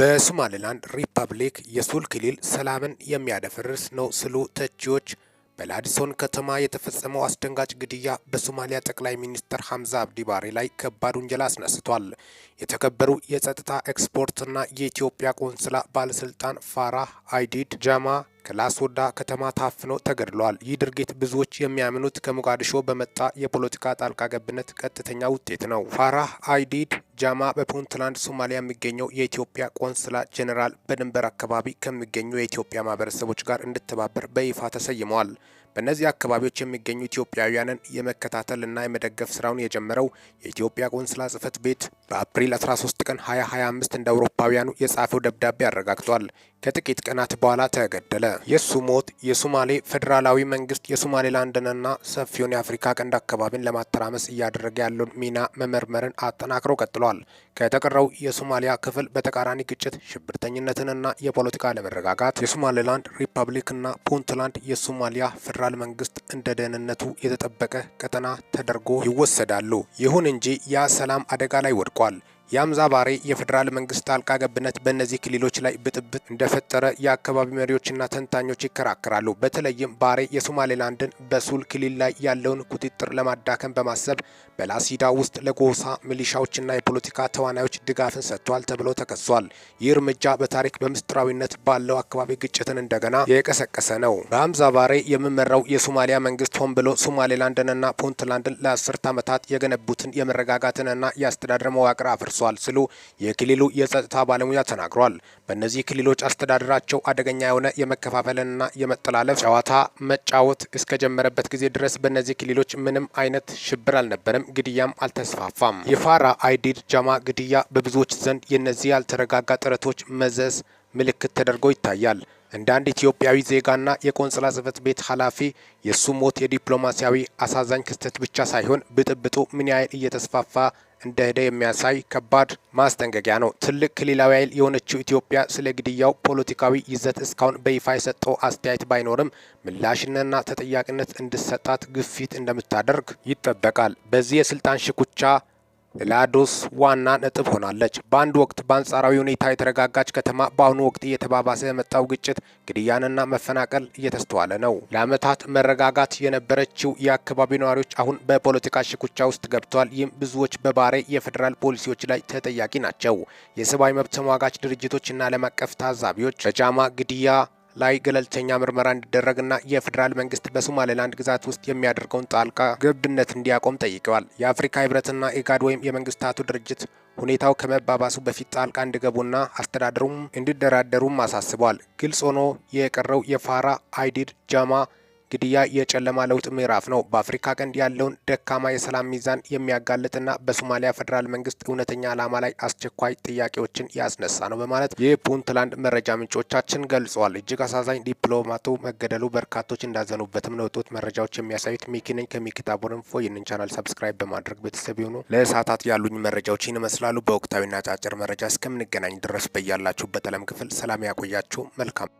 በሶማሌላንድ ሪፐብሊክ የሱል ክልል ሰላምን የሚያደፈርስ ነው ስሉ ተቺዎች በላዲሶን ከተማ የተፈጸመው አስደንጋጭ ግድያ በሶማሊያ ጠቅላይ ሚኒስትር ሐምዛ አብዲ ባሬ ላይ ከባድ ውንጀላ አስነስቷል። የተከበሩ የጸጥታ ኤክስፖርትና የኢትዮጵያ ቆንስላ ባለስልጣን ፋራህ አይዲድ ጃማ ከላስወዳ ከተማ ታፍነው ተገድለዋል። ይህ ድርጊት ብዙዎች የሚያምኑት ከሞቃዲሾ በመጣ የፖለቲካ ጣልቃ ገብነት ቀጥተኛ ውጤት ነው። ፋራህ አይዲድ ጃማ በፑንትላንድ ሶማሊያ የሚገኘው የኢትዮጵያ ቆንስላ ጄኔራል በድንበር አካባቢ ከሚገኙ የኢትዮጵያ ማህበረሰቦች ጋር እንድተባበር በይፋ ተሰይመዋል። በእነዚህ አካባቢዎች የሚገኙ ኢትዮጵያውያንን የመከታተል እና የመደገፍ ስራውን የጀመረው የኢትዮጵያ ቆንስላ ጽህፈት ቤት በአፕሪል 13 ቀን 2025 እንደ አውሮፓውያኑ የጻፈው ደብዳቤ አረጋግጧል። ከጥቂት ቀናት በኋላ ተገደለ። የሱ ሞት የሱማሌ ፌዴራላዊ መንግስት የሱማሌላንድንና ሰፊውን የአፍሪካ ቀንድ አካባቢን ለማተራመስ እያደረገ ያለውን ሚና መመርመርን አጠናክሮ ቀጥሏል። ከተቀረው የሶማሊያ ክፍል በተቃራኒ ግጭት፣ ሽብርተኝነትንና የፖለቲካ አለመረጋጋት የሶማሌላንድ ሪፐብሊክና ፑንትላንድ የሶማሊያ የፌዴራል መንግስት እንደ ደህንነቱ የተጠበቀ ቀጠና ተደርጎ ይወሰዳሉ። ይሁን እንጂ ያ ሰላም አደጋ ላይ ወድቋል። የአምዛ ባሬ የፌዴራል መንግስት ጣልቃ ገብነት በእነዚህ ክልሎች ላይ ብጥብጥ እንደፈጠረ የአካባቢ መሪዎችና ተንታኞች ይከራከራሉ። በተለይም ባሬ የሶማሌላንድን በሱል ክልል ላይ ያለውን ቁጥጥር ለማዳከም በማሰብ በላሲዳ ውስጥ ለጎሳ ሚሊሻዎችና የፖለቲካ ተዋናዮች ድጋፍን ሰጥቷል ተብሎ ተከሷል። ይህ እርምጃ በታሪክ በምስጢራዊነት ባለው አካባቢ ግጭትን እንደገና የቀሰቀሰ ነው። በአምዛ ባሬ የሚመራው የሶማሊያ መንግስት ሆን ብሎ ሶማሌላንድንና ፑንትላንድን ለአስርት ዓመታት የገነቡትን የመረጋጋትንና የአስተዳደር መዋቅር አፍርሷል። ደርሷል ሲሉ የክልሉ የጸጥታ ባለሙያ ተናግሯል። በእነዚህ ክልሎች አስተዳደራቸው አደገኛ የሆነ የመከፋፈልና የመጠላለፍ ጨዋታ መጫወት እስከጀመረበት ጊዜ ድረስ በእነዚህ ክልሎች ምንም አይነት ሽብር አልነበረም፣ ግድያም አልተስፋፋም። የፋራ አይዲድ ጃማ ግድያ በብዙዎች ዘንድ የእነዚህ ያልተረጋጋ ጥረቶች መዘዝ ምልክት ተደርጎ ይታያል። እንደ አንድ ኢትዮጵያዊ ዜጋና የቆንጽላ ጽህፈት ቤት ኃላፊ የእሱ ሞት የዲፕሎማሲያዊ አሳዛኝ ክስተት ብቻ ሳይሆን ብጥብጡ ምን ያህል እየተስፋፋ እንደሄደ የሚያሳይ ከባድ ማስጠንቀቂያ ነው። ትልቅ ክልላዊ ኃይል የሆነችው ኢትዮጵያ ስለ ግድያው ፖለቲካዊ ይዘት እስካሁን በይፋ የሰጠው አስተያየት ባይኖርም ምላሽነና ተጠያቂነት እንድሰጣት ግፊት እንደምታደርግ ይጠበቃል። በዚህ የስልጣን ሽኩቻ ላዶስ ዋና ነጥብ ሆናለች። በአንድ ወቅት በአንጻራዊ ሁኔታ የተረጋጋች ከተማ በአሁኑ ወቅት እየተባባሰ የመጣው ግጭት፣ ግድያንና መፈናቀል እየተስተዋለ ነው። ለዓመታት መረጋጋት የነበረችው የአካባቢው ነዋሪዎች አሁን በፖለቲካ ሽኩቻ ውስጥ ገብተዋል። ይህም ብዙዎች በባሬ የፌዴራል ፖሊሲዎች ላይ ተጠያቂ ናቸው። የሰብአዊ መብት ተሟጋች ድርጅቶችና ዓለም አቀፍ ታዛቢዎች በጃማ ግድያ ላይ ገለልተኛ ምርመራ እንዲደረግና የፌዴራል መንግስት በሶማሌላንድ ግዛት ውስጥ የሚያደርገውን ጣልቃ ገብነት እንዲያቆም ጠይቀዋል። የአፍሪካ ህብረትና ኢጋድ ወይም የመንግስታቱ ድርጅት ሁኔታው ከመባባሱ በፊት ጣልቃ እንዲገቡና አስተዳደሩም እንዲደራደሩም አሳስበዋል። ግልጽ ሆኖ የቀረው የፋራ አይዲድ ጃማ ግድያ የጨለማ ለውጥ ምዕራፍ ነው። በአፍሪካ ቀንድ ያለውን ደካማ የሰላም ሚዛን የሚያጋልጥና በሶማሊያ ፌዴራል መንግስት እውነተኛ ዓላማ ላይ አስቸኳይ ጥያቄዎችን ያስነሳ ነው በማለት የፑንትላንድ መረጃ ምንጮቻችን ገልጸዋል። እጅግ አሳዛኝ ዲፕሎማቱ መገደሉ በርካቶች እንዳዘኑበትም ነው መረጃዎች የሚያሳዩት። ሚኪነኝ ከሚኪታቦር ኢንፎ። ይህንን ቻናል ሰብስክራይብ በማድረግ ቤተሰብ የሆኑ ለእሳታት ያሉኝ መረጃዎችን ይመስላሉ። በወቅታዊና ጫጭር መረጃ እስከምንገናኝ ድረስ በያላችሁበት ዓለም ክፍል ሰላም ያቆያችሁ። መልካም